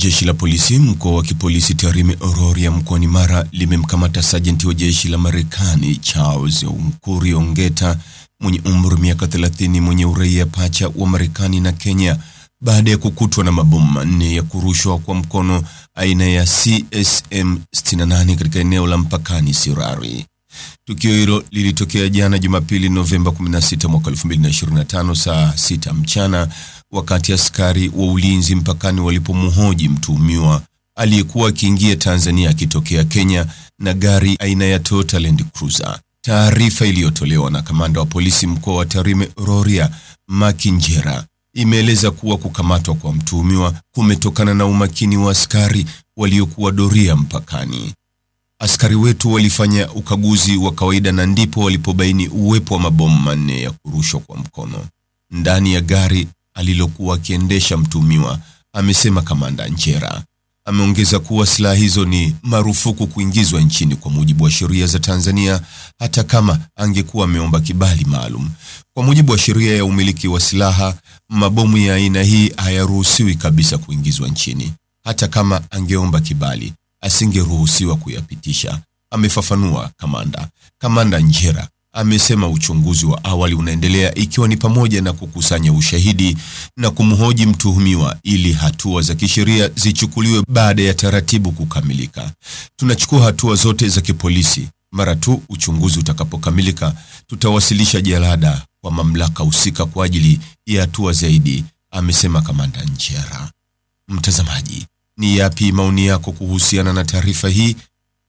Jeshi la polisi mkoa wa kipolisi Tarime Rorya mkoani Mara limemkamata sajenti wa jeshi la Marekani Charles Mkuri Ongeta mwenye umri miaka 30 mwenye uraia pacha wa Marekani na Kenya baada ya kukutwa na mabomu manne ya kurushwa kwa mkono aina ya CSM 68 katika eneo la mpakani Sirari. Tukio hilo lilitokea jana Jumapili Novemba 16 mwaka 2025 saa 6 mchana wakati askari wa ulinzi mpakani walipomhoji mtuhumiwa aliyekuwa akiingia Tanzania akitokea Kenya na gari aina ya Toyota Land Cruiser. Taarifa iliyotolewa na kamanda wa polisi mkoa wa Tarime Rorya Makinjera imeeleza kuwa kukamatwa kwa mtuhumiwa kumetokana na umakini wa askari waliokuwa doria mpakani. Askari wetu walifanya ukaguzi wa kawaida na ndipo walipobaini uwepo wa mabomu manne ya kurushwa kwa mkono ndani ya gari alilokuwa akiendesha mtumiwa, amesema kamanda Nchera. Ameongeza kuwa silaha hizo ni marufuku kuingizwa nchini kwa mujibu wa sheria za Tanzania, hata kama angekuwa ameomba kibali maalum. Kwa mujibu wa sheria ya umiliki wa silaha, mabomu ya aina hii hayaruhusiwi kabisa kuingizwa nchini. Hata kama angeomba kibali, asingeruhusiwa kuyapitisha, amefafanua kamanda. Kamanda Njera amesema uchunguzi wa awali unaendelea ikiwa ni pamoja na kukusanya ushahidi na kumhoji mtuhumiwa ili hatua za kisheria zichukuliwe baada ya taratibu kukamilika. Tunachukua hatua zote za kipolisi. Mara tu uchunguzi utakapokamilika, tutawasilisha jalada kwa mamlaka husika kwa ajili ya hatua zaidi, amesema Kamanda Nchera. Mtazamaji, ni yapi maoni yako kuhusiana na taarifa hii?